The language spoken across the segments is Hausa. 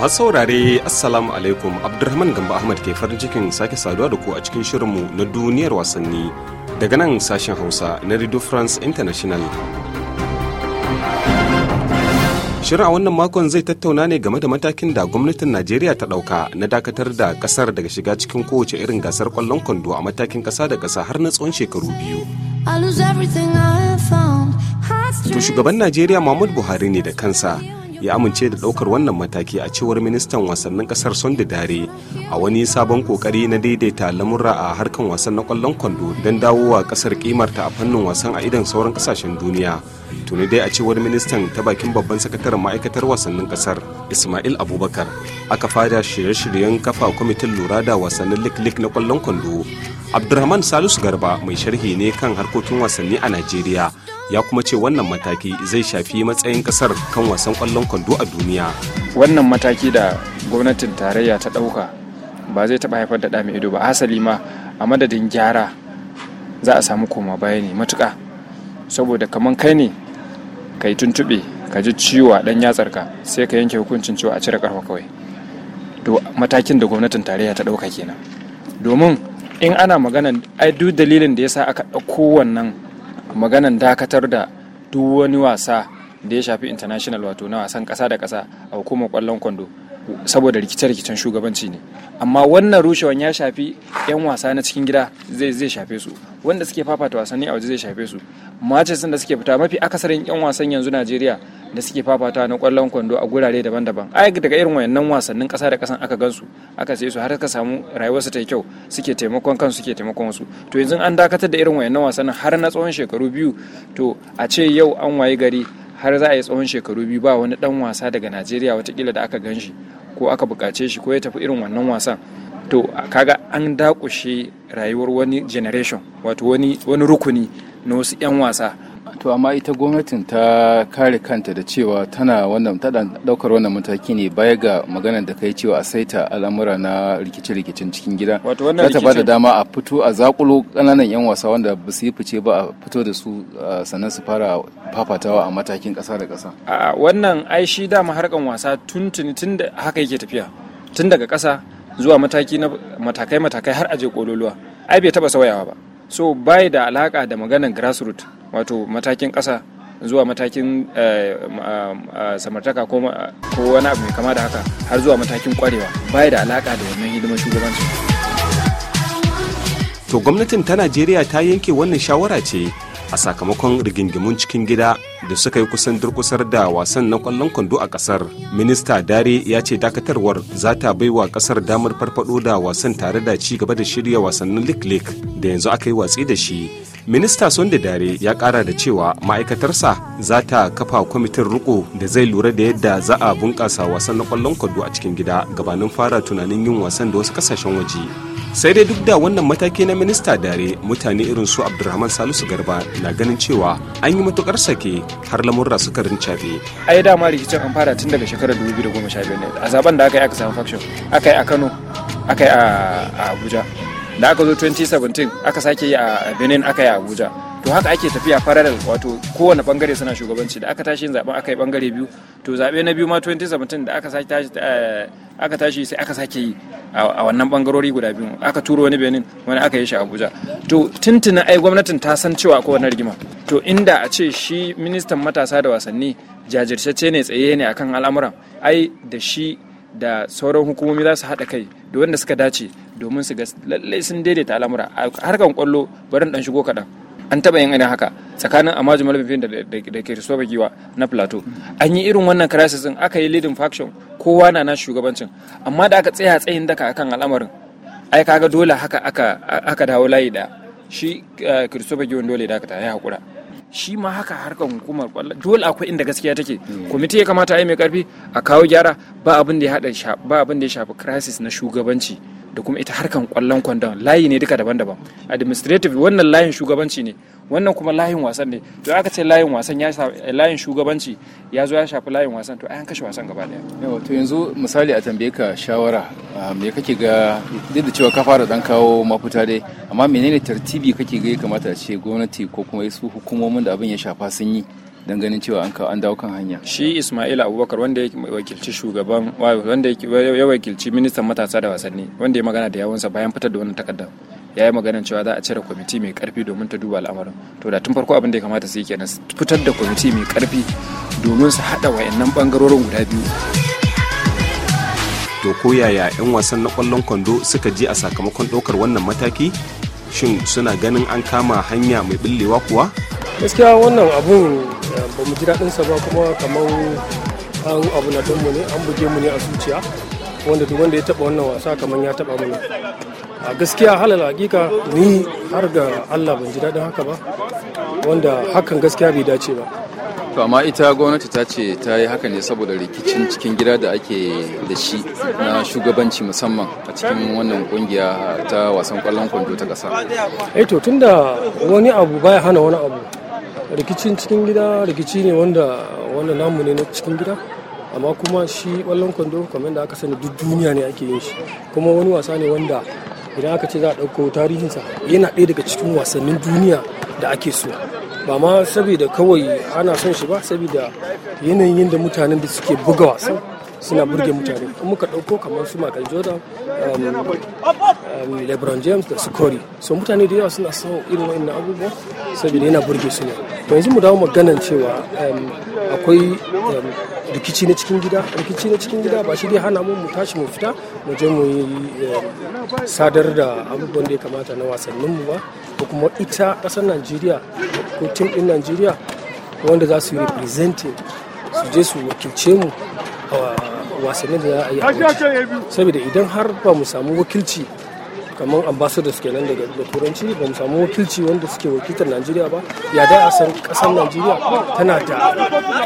masu saurare assalamu alaikum abdulrahman gamba ahmad ke farin cikin sake saduwa da ku a cikin shirinmu na duniyar wasanni daga nan sashen hausa na radio france international shirin a wannan makon zai tattauna ne game da matakin da gwamnatin najeriya ta dauka na dakatar da kasar daga shiga cikin kowace irin gasar kwallon kwando a matakin kasa da kasa har na tsawon shekaru biyu to shugaban najeriya mahmud buhari ne da kansa ya amince da ɗaukar wannan mataki a cewar ministan wasannin ƙasar sonda dare a wani sabon kokari na daidaita lamurra a harkan wasan na kwallon kwando don dawo wa ƙasar ƙimarta a fannin wasan a idan sauran ƙasashen duniya tuni dai a cewar ministan ta bakin babban sakataren ma'aikatar wasannin ƙasar ismail abubakar aka fada shirye-shiryen kafa kwamitin lura da wasannin liklik na kwallon kwando abdurrahman salisu garba mai sharhi ne kan harkokin wasanni a najeriya ya kuma ce wannan mataki zai shafi matsayin kasar kan wasan kwallon kwando a duniya wannan mataki da gwamnatin tarayya ta dauka ba zai taba haifar da ɗa ido ba asali ma a madadin gyara za a samu koma baya ne matuka saboda kamar kai ne ka yi tuntuɓe ka ji ciwo a ɗan ka sai ka yanke hukuncin ciwo a cire ƙarfa kawai to matakin da gwamnatin tarayya ta ɗauka kenan domin in ana magana ai duk dalilin da yasa aka ɗauko wannan maganan dakatar da duk wani wasa da ya shafi international wato na wasan kasa da kasa a hukumar kwallon kwando saboda rikice-rikicen shugabanci ne amma wannan rushewan ya shafi 'yan wasa na cikin gida zai shafe su wanda suke fafata wasanni a waje zai shafe su macin da suke fita mafi akasarin 'yan wasan yanzu najeriya da suke fafata na kwallon kwando a gurare daban-daban ai daga irin wayannan wasannin kasa da kasan aka gansu aka sai su har ka samu rayuwarsu ta kyau suke taimakon kansu suke taimakon wasu to yanzu an dakatar da irin wayannan wasannin har na tsawon shekaru biyu to a ce yau an wayi gari har za a yi tsawon shekaru biyu ba wani dan wasa daga Najeriya watakila da aka gan shi ko aka bukace shi ko ya tafi irin wannan wasan to kaga an dakushe rayuwar wani generation wato wani rukuni na wasu 'yan wasa to amma ita gwamnatin ta kare kanta da cewa tana wannan daukar wannan mataki ne baya ga maganar da kai cewa a saita al'amura na rikice-rikicen cikin gida za ta ba da dama a fito a zakulo kananan yan wasa wanda ba su yi fice ba a fito da su sannan su fara fafatawa a matakin kasa da kasa a wannan ai shi dama harkan wasa tun tun da haka yake tafiya tun daga kasa zuwa mataki na matakai matakai har aje kololuwa ai bai taba sauyawa ba so bai da alaka da maganar grassroots wato matakin ƙasa zuwa matakin eh, eh, samartaka ko wani abu mai kama da haka har zuwa matakin kwarewa baya da alaka da wannan hidimar shugabanci. To gwamnatin ta Najeriya ta yanke wannan shawara ce a sakamakon rigingimun cikin gida da suka yi kusan durkusar da wasan na kwallon kwando a kasar. Minista Dare ya ce dakatarwar za ta bai wa kasar damar farfado da wasan tare da ci gaba da shirya wasannin lik-lik da yanzu aka yi watsi da shi minista sonde dare ya kara da cewa ma'aikatarsa za ta kafa kwamitin riko da zai lura da yadda za a bunƙasa wasan na kwallon kwado a cikin gida gabanin fara tunanin yin wasan da wasu kasashen waje sai dai duk da wannan mataki na minista dare mutane irin su abdulrahman salisu garba na ganin cewa an yi matukar sake har lamurra suka a yi dama rikicin an fara tun daga shekarar 2015 ne a zaben da aka yi aka samu faction aka yi a kano aka yi a abuja da aka zo 2017 aka sake yi a benin aka yi abuja to haka ake tafiya parallel wato kowane bangare suna shugabanci da aka tashi zaben aka yi bangare biyu to zaɓe na biyu ma 2017 da eh, aka tashi sai aka sake yi a wannan bangarori guda biyu aka turo wani benin wani aka yi shi abuja to tuntuna ai gwamnatin ta san cewa ko wani rigima to inda a ce shi ministan matasa da wasanni jajirtacce ne tsaye ne akan al'amuran ai da shi da sauran hukumomi za su haɗa kai da wanda suka dace domin su ga lalle sun daidaita al'amura a harkan kwallo bari dan shigo kaɗan an taɓa yin irin haka tsakanin amaju malafin da ke risuwa giwa na plateau an yi irin wannan crisis din aka yi leading faction kowa na na shugabancin amma da aka tsaya tsayin daka akan al'amarin ai kaga dole haka aka dawo layi da shi christopher eh, giwan dole da aka ta ya hakura shi ma haka harkan hukumar kwallon dole akwai inda gaskiya take kwamiti ya kamata a yi mai karfi a kawo gyara ba abin da ya shafi crisis na shugabanci da kuma ita harkan kwallon kwandon layi ne duka daban-daban administrative wannan layin shugabanci ne wannan kuma layin wasan ne to aka ce layin wasan ya eh, layin shugabanci ya zo ya shafi layin wasan to an kashe wasan gaba daya yawa to yanzu misali a tambaye ka shawara ah, me kake ga duk da cewa ka fara dan kawo mafuta dai amma menene tartibi kake ga ya kamata a ce gwamnati ko kuma su hukumomin da abin ya shafa sun yi don ganin cewa an dawo kan hanya shi ismail abubakar wanda ya wakilci shugaban wanda ya wakilci ministan matasa da wasanni wanda ya magana da yawunsa bayan fitar da wannan takardar ya yi magana cewa za a cire kwamiti mai karfi domin ta duba al'amarin to da tun farko abin da ya kamata su yi kenan fitar da kwamiti mai karfi domin su haɗa wayannan bangarorin guda biyu to ko yaya 'yan wasan na kwallon kwando suka je a sakamakon ɗaukar wannan mataki shin suna ganin an kama hanya mai billewa kuwa gaskiya wannan abun eh, ba mu ji sa ba kuma kamar an abu na mu ne an buge mu ne a zuciya wanda duk wanda ya taba wannan wasa kamar ya taba mu a gaskiya halal hakika ni har ga Allah ban ji daɗin haka ba wanda hakan gaskiya bai dace ba to amma ita gwamnati ta ce ta yi haka ne saboda rikicin cikin gida da ake da shi na shugabanci musamman a cikin wannan kungiya ta wasan kwallon kwando ta kasa. eh to tunda wani abu baya hana wani abu rikicin cikin gida rikici ne wanda wannan namu ne na cikin gida amma kuma shi ƙwallon kwando kamar da aka sani duk duniya ne ake yin shi kuma wani wasa ne wanda idan aka ce za a ɗauko tarihinsa yana ɗaya daga cikin wasannin duniya da ake so ba ma saboda kawai ana son shi ba saboda yanayin da mutanen da suke buga wasan suna burge mutane in ka ɗauko kamar su Michael Jordan um, Um, lebron james da su kori so mutane da yawa suna son irin wa'annan abubuwa saboda yana burge su ne to yanzu mu dawo maganan cewa um, akwai um, rikici na cikin gida rikici na cikin gida ba shi dai hana mu mu tashi mu fita mu je mu yi sadar da abubuwan da ya kamata na wasannin mu ba ko kuma ita kasar najeriya ko tim din najeriya wanda za su yi su je su wakilce mu a wasannin da za a yi saboda idan har ba mu samu wakilci kamar ambassadors nan daga da turanci ba mu samu wakilci wanda suke wakiltar najeriya ba ya dai a san kasar najeriya tana da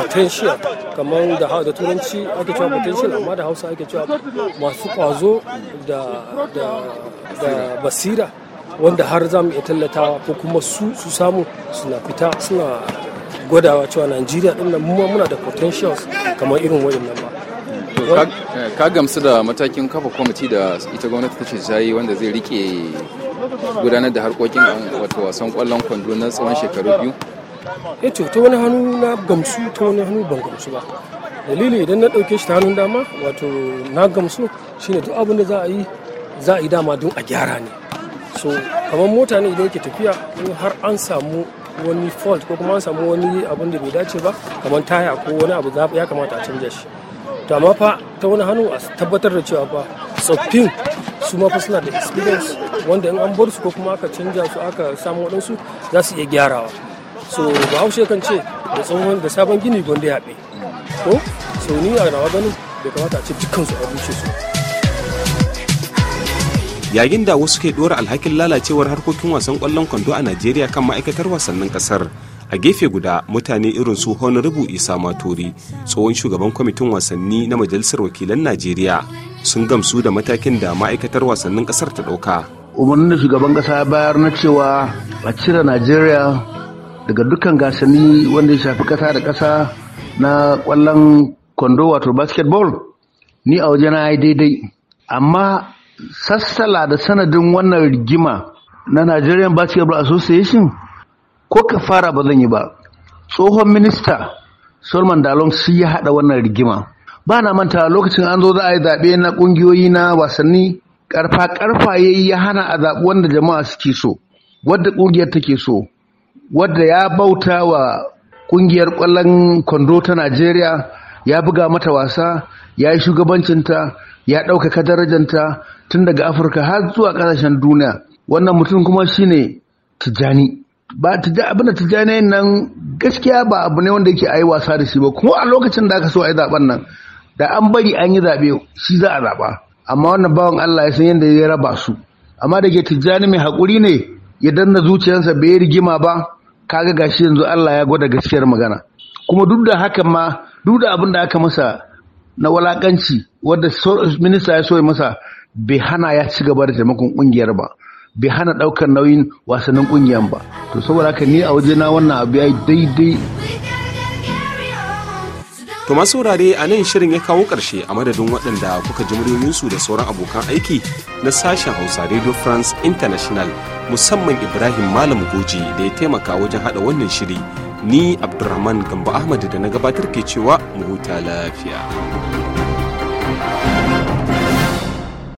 potential kamar da da turanci ake cewa potential amma da hausa ake cewa masu kwazo da da basira wanda har za mu iya tallatawa ko kuma su su samu suna fita suna gwadawa cewa najeriya din nan muna da potentials kamar irin wayannan ba ka gamsu da matakin kafa kwamiti da ita gwamnati ta ce ta yi wanda zai rike gudanar da harkokin uh, wato wasan kwallon kwando na tsawon shekaru biyu eh to ta wani hannu na gamsu ta wani hannu ban gamsu ba dalili idan na ɗauke shi ta hannun dama wato na gamsu shine duk abin da za a yi za a yi dama don a gyara ne so kamar mota ne idan yake tafiya in har an samu wani fault ko kuma an samu wani abin da bai dace ba kamar taya ko wani abu ya kamata a canja shi to amma fa ta wani hannu a tabbatar da cewa fa tsoffin su ma suna da experience wanda in an bar su ko kuma aka canja su aka samu waɗansu za su iya gyarawa so haushe kan ce da tsohon da sabon gini gwanda ya ko so ni a rawa ganin bai kamata a ce dukkansu a rushe su yayin da wasu ke dora alhakin lalacewar harkokin wasan kwallon kwando a najeriya kan ma'aikatar wasannin kasar a gefe guda mutane irin su honorable isa maturi tsohon shugaban kwamitin wasanni na majalisar wakilan najeriya sun gamsu da matakin da ma'aikatar wasannin kasar ta ɗauka umarnin da shugaban kasa bayar na cewa a cire najeriya daga dukkan gasanni wanda ya shafi kasa da kasa na kwallon kwando wato basketball ni a waje na yi daidai amma sassala da sanadin wannan rigima na nigerian basketball association ko ka fara ba zan yi ba tsohon minista solomon dalon shi ya haɗa wannan rigima ba na manta lokacin an zo za a yi zaɓe na ƙungiyoyi na wasanni ƙarfa ƙarfa ya yi ya hana a zaɓi wanda jama'a suke so wadda ƙungiyar take so wadda ya bauta wa ƙungiyar ƙwallon kwando ta najeriya ya buga mata wasa ya yi shugabancinta ya ɗaukaka darajanta tun daga afirka har zuwa ƙasashen duniya wannan mutum kuma shine tijjani ba abin da yanayin nan gaskiya ba abu ne wanda yake yi wasa da shi ba kuma a lokacin da aka so a yi zaben nan da an bari an yi zaɓe shi za a zaɓa amma wannan bawan Allah ya san yadda ya raba su amma da ke tijjani mai haƙuri ne ya danna zuciyarsa bai yi rigima ba kaga gashi yanzu Allah ya gwada gaskiyar magana kuma duk da haka ma duk da abin da aka masa na walakanci wanda minista ya so ya masa bai hana ya ci gaba da taimakon ƙungiyar ba bai hana ɗaukar nauyin wasannin ƙungiyar ba to saboda haka ni a waje na wannan abu ya daidai To masu wurare a nan shirin ya kawo ƙarshe a madadin waɗanda kuka ji muryoyinsu da sauran abokan aiki na sashen Hausa Radio France International musamman Ibrahim Malam Goji da ya taimaka wajen haɗa wannan shiri. Ni Abdulrahman gambo Ahmad da na gabatar ke cewa mu huta lafiya.